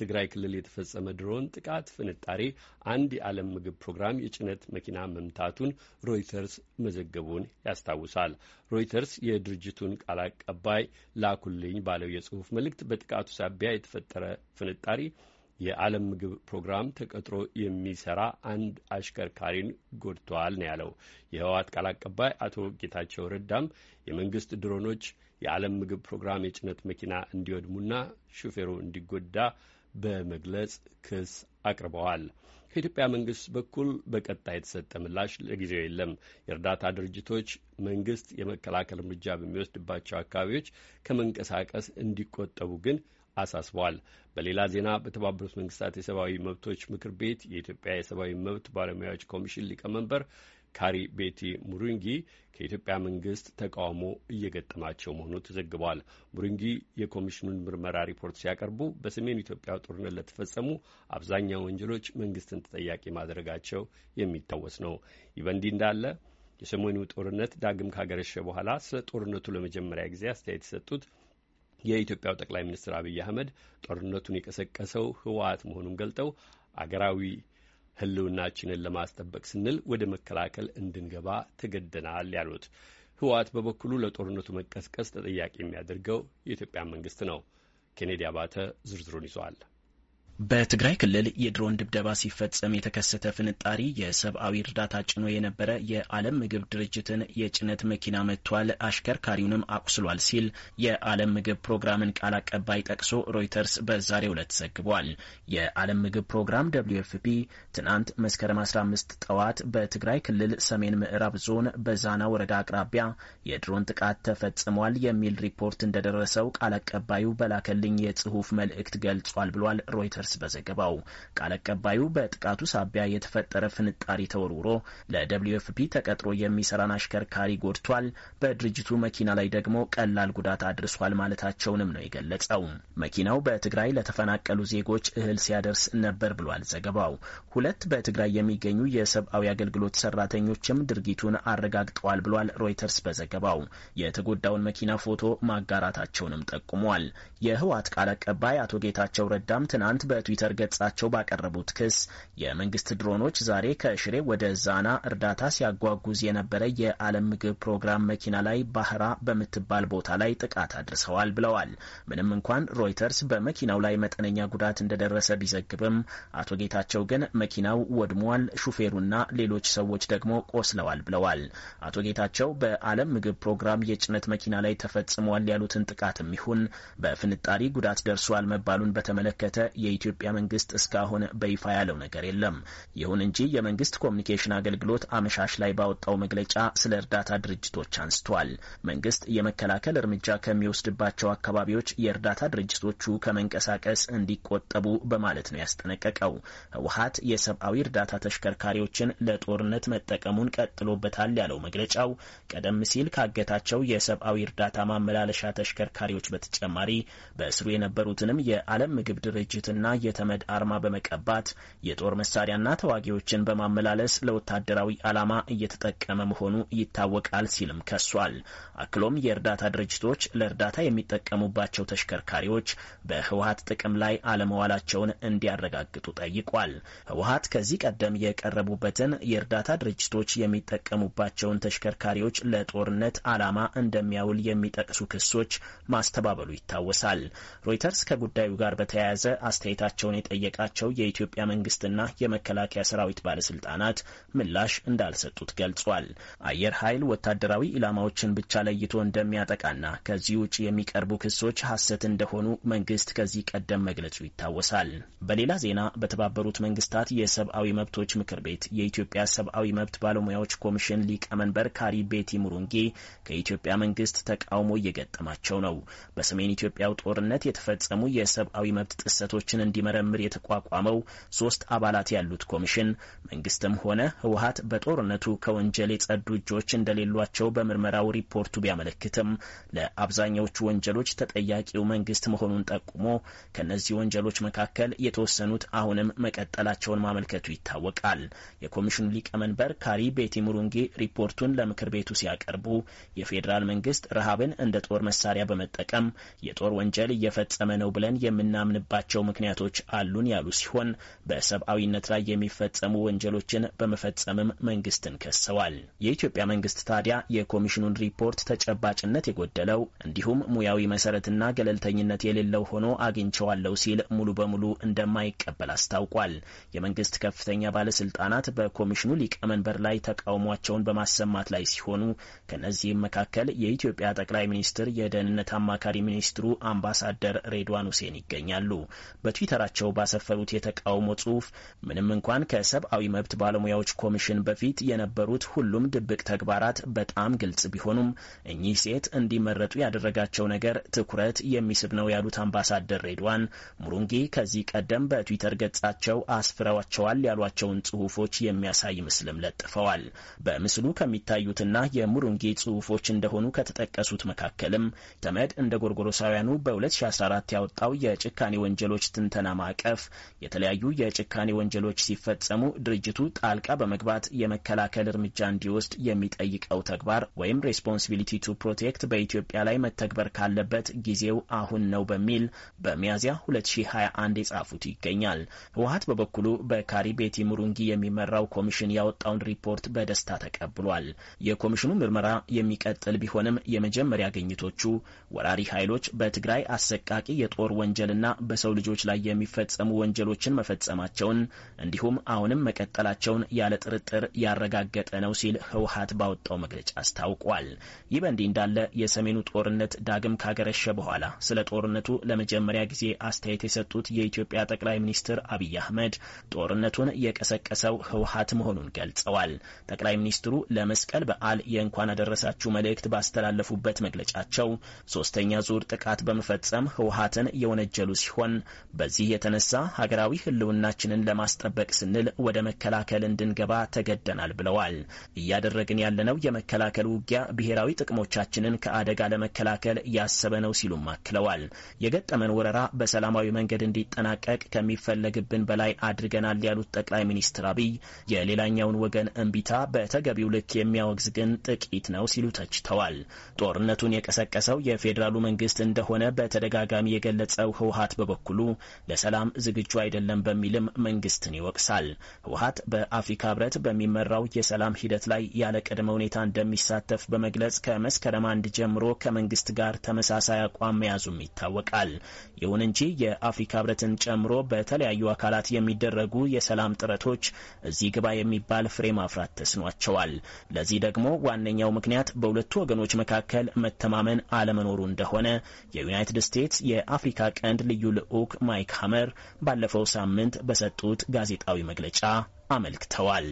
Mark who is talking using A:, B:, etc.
A: ትግራይ ክልል የተፈጸመ ድሮን ጥቃት ፍንጣሬ አንድ የዓለም ምግብ ፕሮግራም የጭነት መኪና መምታቱን ሮይተርስ መዘገቡን ያስታውሳል። ሮይተርስ የድርጅቱን ቃል አቀባይ ላኩልኝ ባለው የጽሑፍ መልእክት በጥቃቱ ሳቢያ የተፈጠረ ፍንጣሪ የዓለም ምግብ ፕሮግራም ተቀጥሮ የሚሰራ አንድ አሽከርካሪን ጎድተዋል ነው ያለው። የህወሓት ቃል አቀባይ አቶ ጌታቸው ረዳም የመንግስት ድሮኖች የዓለም ምግብ ፕሮግራም የጭነት መኪና እንዲወድሙና ሹፌሩ እንዲጎዳ በመግለጽ ክስ አቅርበዋል። ከኢትዮጵያ መንግስት በኩል በቀጣይ የተሰጠ ምላሽ ለጊዜው የለም። የእርዳታ ድርጅቶች መንግስት የመከላከል እርምጃ በሚወስድባቸው አካባቢዎች ከመንቀሳቀስ እንዲቆጠቡ ግን አሳስበዋል። በሌላ ዜና በተባበሩት መንግስታት የሰብአዊ መብቶች ምክር ቤት የኢትዮጵያ የሰብአዊ መብት ባለሙያዎች ኮሚሽን ሊቀመንበር ካሪ ቤቲ ሙሩንጊ ከኢትዮጵያ መንግስት ተቃውሞ እየገጠማቸው መሆኑ ተዘግቧል። ሙሩንጊ የኮሚሽኑን ምርመራ ሪፖርት ሲያቀርቡ በሰሜን ኢትዮጵያ ጦርነት ለተፈጸሙ አብዛኛው ወንጀሎች መንግስትን ተጠያቂ ማድረጋቸው የሚታወስ ነው። ይህ በእንዲህ እንዳለ የሰሞኑ ጦርነት ዳግም ካገረሸ በኋላ ስለ ጦርነቱ ለመጀመሪያ ጊዜ አስተያየት የሰጡት የኢትዮጵያው ጠቅላይ ሚኒስትር አብይ አህመድ ጦርነቱን የቀሰቀሰው ህወሓት መሆኑን ገልጠው አገራዊ ህልውናችንን ለማስጠበቅ ስንል ወደ መከላከል እንድንገባ ተገደናል ያሉት ህወሓት በበኩሉ ለጦርነቱ መቀስቀስ ተጠያቂ የሚያደርገው የኢትዮጵያ መንግስት ነው። ኬኔዲ አባተ ዝርዝሩን ይዟል።
B: በትግራይ ክልል የድሮን ድብደባ ሲፈጸም የተከሰተ ፍንጣሪ የሰብአዊ እርዳታ ጭኖ የነበረ የዓለም ምግብ ድርጅትን የጭነት መኪና መቷል፣ አሽከርካሪውንም አቁስሏል ሲል የዓለም ምግብ ፕሮግራምን ቃል አቀባይ ጠቅሶ ሮይተርስ በዛሬው ዕለት ዘግቧል። የዓለም ምግብ ፕሮግራም ደብሊው ኤፍ ፒ ትናንት መስከረም 15 ጠዋት በትግራይ ክልል ሰሜን ምዕራብ ዞን በዛና ወረዳ አቅራቢያ የድሮን ጥቃት ተፈጽሟል የሚል ሪፖርት እንደደረሰው ቃል አቀባዩ በላከልኝ የጽሑፍ መልእክት ገልጿል ብሏል ሮይተርስ ይገልጻል በዘገባው። ቃል አቀባዩ በጥቃቱ ሳቢያ የተፈጠረ ፍንጣሪ ተወርውሮ ለደብሊዩ ኤፍፒ ተቀጥሮ የሚሰራን አሽከርካሪ ጎድቷል፣ በድርጅቱ መኪና ላይ ደግሞ ቀላል ጉዳት አድርሷል ማለታቸውንም ነው የገለጸው። መኪናው በትግራይ ለተፈናቀሉ ዜጎች እህል ሲያደርስ ነበር ብሏል ዘገባው። ሁለት በትግራይ የሚገኙ የሰብአዊ አገልግሎት ሰራተኞችም ድርጊቱን አረጋግጠዋል ብሏል ሮይተርስ በዘገባው። የተጎዳውን መኪና ፎቶ ማጋራታቸውንም ጠቁሟል። የህወሓት ቃል አቀባይ አቶ ጌታቸው ረዳም ትናንት በትዊተር ገጻቸው ባቀረቡት ክስ የመንግስት ድሮኖች ዛሬ ከሽሬ ወደ ዛና እርዳታ ሲያጓጉዝ የነበረ የዓለም ምግብ ፕሮግራም መኪና ላይ ባህራ በምትባል ቦታ ላይ ጥቃት አድርሰዋል ብለዋል። ምንም እንኳን ሮይተርስ በመኪናው ላይ መጠነኛ ጉዳት እንደደረሰ ቢዘግብም አቶ ጌታቸው ግን መኪናው ወድሟል፣ ሹፌሩና ሌሎች ሰዎች ደግሞ ቆስለዋል ብለዋል። አቶ ጌታቸው በዓለም ምግብ ፕሮግራም የጭነት መኪና ላይ ተፈጽሟል ያሉትን ጥቃትም ይሁን በፍ ፍንጣሪ ጉዳት ደርሷል መባሉን በተመለከተ የኢትዮጵያ መንግስት እስካሁን በይፋ ያለው ነገር የለም። ይሁን እንጂ የመንግስት ኮሚኒኬሽን አገልግሎት አመሻሽ ላይ ባወጣው መግለጫ ስለ እርዳታ ድርጅቶች አንስቷል። መንግስት የመከላከል እርምጃ ከሚወስድባቸው አካባቢዎች የእርዳታ ድርጅቶቹ ከመንቀሳቀስ እንዲቆጠቡ በማለት ነው ያስጠነቀቀው። ህወሀት የሰብአዊ እርዳታ ተሽከርካሪዎችን ለጦርነት መጠቀሙን ቀጥሎበታል ያለው መግለጫው ቀደም ሲል ካገታቸው የሰብአዊ እርዳታ ማመላለሻ ተሽከርካሪዎች በተጨማሪ በእስሩ የነበሩትንም የዓለም ምግብ ድርጅትና የተመድ አርማ በመቀባት የጦር መሳሪያና ተዋጊዎችን በማመላለስ ለወታደራዊ ዓላማ እየተጠቀመ መሆኑ ይታወቃል ሲልም ከሷል። አክሎም የእርዳታ ድርጅቶች ለእርዳታ የሚጠቀሙባቸው ተሽከርካሪዎች በህወሀት ጥቅም ላይ አለመዋላቸውን እንዲያረጋግጡ ጠይቋል። ህወሀት ከዚህ ቀደም የቀረቡበትን የእርዳታ ድርጅቶች የሚጠቀሙባቸውን ተሽከርካሪዎች ለጦርነት ዓላማ እንደሚያውል የሚጠቅሱ ክሶች ማስተባበሉ ይታወሳል። ይገኙበታል። ሮይተርስ ከጉዳዩ ጋር በተያያዘ አስተያየታቸውን የጠየቃቸው የኢትዮጵያ መንግስትና የመከላከያ ሰራዊት ባለስልጣናት ምላሽ እንዳልሰጡት ገልጿል። አየር ኃይል ወታደራዊ ኢላማዎችን ብቻ ለይቶ እንደሚያጠቃና ከዚህ ውጭ የሚቀርቡ ክሶች ሐሰት እንደሆኑ መንግስት ከዚህ ቀደም መግለጹ ይታወሳል። በሌላ ዜና በተባበሩት መንግስታት የሰብአዊ መብቶች ምክር ቤት የኢትዮጵያ ሰብአዊ መብት ባለሙያዎች ኮሚሽን ሊቀመንበር ካሪ ቤቲ ሙሩንጌ ከኢትዮጵያ መንግስት ተቃውሞ እየገጠማቸው ነው። በሰሜን ኢትዮጵያው ጦርነት የተፈጸሙ የሰብአዊ መብት ጥሰቶችን እንዲመረምር የተቋቋመው ሶስት አባላት ያሉት ኮሚሽን መንግስትም ሆነ ህወሀት በጦርነቱ ከወንጀል የጸዱ እጆች እንደሌሏቸው በምርመራው ሪፖርቱ ቢያመለክትም ለአብዛኛዎቹ ወንጀሎች ተጠያቂው መንግስት መሆኑን ጠቁሞ ከእነዚህ ወንጀሎች መካከል የተወሰኑት አሁንም መቀጠላቸውን ማመልከቱ ይታወቃል። የኮሚሽኑ ሊቀመንበር ካሪ ቤቲ ሪፖርቱን ለምክር ቤቱ ሲያቀርቡ የፌዴራል መንግስት ረሃብን እንደ ጦር መሳሪያ በመጠቀም የጦር ወንጀል እየፈጸመ ነው ብለን የምናምንባቸው ምክንያቶች አሉን ያሉ ሲሆን በሰብአዊነት ላይ የሚፈጸሙ ወንጀሎችን በመፈጸምም መንግስትን ከሰዋል። የኢትዮጵያ መንግስት ታዲያ የኮሚሽኑን ሪፖርት ተጨባጭነት የጎደለው እንዲሁም ሙያዊ መሰረትና ገለልተኝነት የሌለው ሆኖ አግኝቸዋለሁ ሲል ሙሉ በሙሉ እንደማይቀበል አስታውቋል። የመንግስት ከፍተኛ ባለስልጣናት በኮሚሽኑ ሊቀመንበር ላይ ተቃውሟቸውን በማሰማት ላይ ሲሆኑ ከነዚህም መካከል የኢትዮጵያ ጠቅላይ ሚኒስትር የደህንነት አማካሪ ሚኒስትሩ አምባሳደር ሬድዋን ሁሴን ይገኛሉ። በትዊተራቸው ባሰፈሩት የተቃውሞ ጽሁፍ ምንም እንኳን ከሰብአዊ መብት ባለሙያዎች ኮሚሽን በፊት የነበሩት ሁሉም ድብቅ ተግባራት በጣም ግልጽ ቢሆኑም እኚህ ሴት እንዲመረጡ ያደረጋቸው ነገር ትኩረት የሚስብ ነው ያሉት አምባሳደር ሬድዋን ሙሩንጌ ከዚህ ቀደም በትዊተር ገጻቸው አስፍረዋቸዋል ያሏቸውን ጽሁፎች የሚያሳይ ምስልም ለጥፈዋል። በምስሉ ከሚታዩትና የሙሩንጌ ጽሁፎች እንደሆኑ ከተጠቀሱት መካከልም ተመድ እንደ ጎርጎሮሳውያኑ በ2014 ያወጣው የጭካኔ ወንጀሎች ትንተና ማዕቀፍ የተለያዩ የጭካኔ ወንጀሎች ሲፈጸሙ ድርጅቱ ጣልቃ በመግባት የመከላከል እርምጃ እንዲወስድ የሚጠይቀው ተግባር ወይም ሬስፖንሲቢሊቲ ቱ ፕሮቴክት በኢትዮጵያ ላይ መተግበር ካለበት ጊዜው አሁን ነው በሚል በሚያዝያ 2021 የጻፉት ይገኛል። ህወሀት በበኩሉ በካሪቤቲ ሙሩንጊ የሚመራው ኮሚሽን ያወጣውን ሪፖርት በደስታ ተቀብሏል። የኮሚሽኑ ምርመራ የሚቀጥል ቢሆንም የመጀመሪያ ግኝቶቹ ወራሪ ኃይሎች በትግራ በትግራይ አሰቃቂ የጦር ወንጀልና በሰው ልጆች ላይ የሚፈጸሙ ወንጀሎችን መፈጸማቸውን እንዲሁም አሁንም መቀጠላቸውን ያለ ጥርጥር ያረጋገጠ ነው ሲል ህወሀት ባወጣው መግለጫ አስታውቋል። ይህ በእንዲህ እንዳለ የሰሜኑ ጦርነት ዳግም ካገረሸ በኋላ ስለ ጦርነቱ ለመጀመሪያ ጊዜ አስተያየት የሰጡት የኢትዮጵያ ጠቅላይ ሚኒስትር አብይ አህመድ ጦርነቱን የቀሰቀሰው ህወሀት መሆኑን ገልጸዋል። ጠቅላይ ሚኒስትሩ ለመስቀል በዓል የእንኳን አደረሳችሁ መልእክት ባስተላለፉበት መግለጫቸው ሶስተኛ ዙር ጥቃት በ በመፈጸም ህወሀትን የወነጀሉ ሲሆን በዚህ የተነሳ ሀገራዊ ህልውናችንን ለማስጠበቅ ስንል ወደ መከላከል እንድንገባ ተገደናል ብለዋል። እያደረግን ያለነው የመከላከል ውጊያ ብሔራዊ ጥቅሞቻችንን ከአደጋ ለመከላከል ያሰበ ነው ሲሉም አክለዋል። የገጠመን ወረራ በሰላማዊ መንገድ እንዲጠናቀቅ ከሚፈለግብን በላይ አድርገናል ያሉት ጠቅላይ ሚኒስትር አብይ የሌላኛውን ወገን እንቢታ በተገቢው ልክ የሚያወግዝ ግን ጥቂት ነው ሲሉ ተችተዋል። ጦርነቱን የቀሰቀሰው የፌዴራሉ መንግስት እንደሆነ በተደጋጋሚ የገለጸው ህውሀት በበኩሉ ለሰላም ዝግጁ አይደለም በሚልም መንግስትን ይወቅሳል። ህውሀት በአፍሪካ ህብረት በሚመራው የሰላም ሂደት ላይ ያለ ቅድመ ሁኔታ እንደሚሳተፍ በመግለጽ ከመስከረም አንድ ጀምሮ ከመንግስት ጋር ተመሳሳይ አቋም መያዙም ይታወቃል። ይሁን እንጂ የአፍሪካ ህብረትን ጨምሮ በተለያዩ አካላት የሚደረጉ የሰላም ጥረቶች እዚህ ግባ የሚባል ፍሬ ማፍራት ተስኗቸዋል። ለዚህ ደግሞ ዋነኛው ምክንያት በሁለቱ ወገኖች መካከል መተማመን አለመኖሩ እንደሆነ የዩናይትድ የዩናይትድ ስቴትስ የአፍሪካ ቀንድ ልዩ ልዑክ ማይክ ሀመር ባለፈው ሳምንት በሰጡት ጋዜጣዊ መግለጫ አመልክተዋል።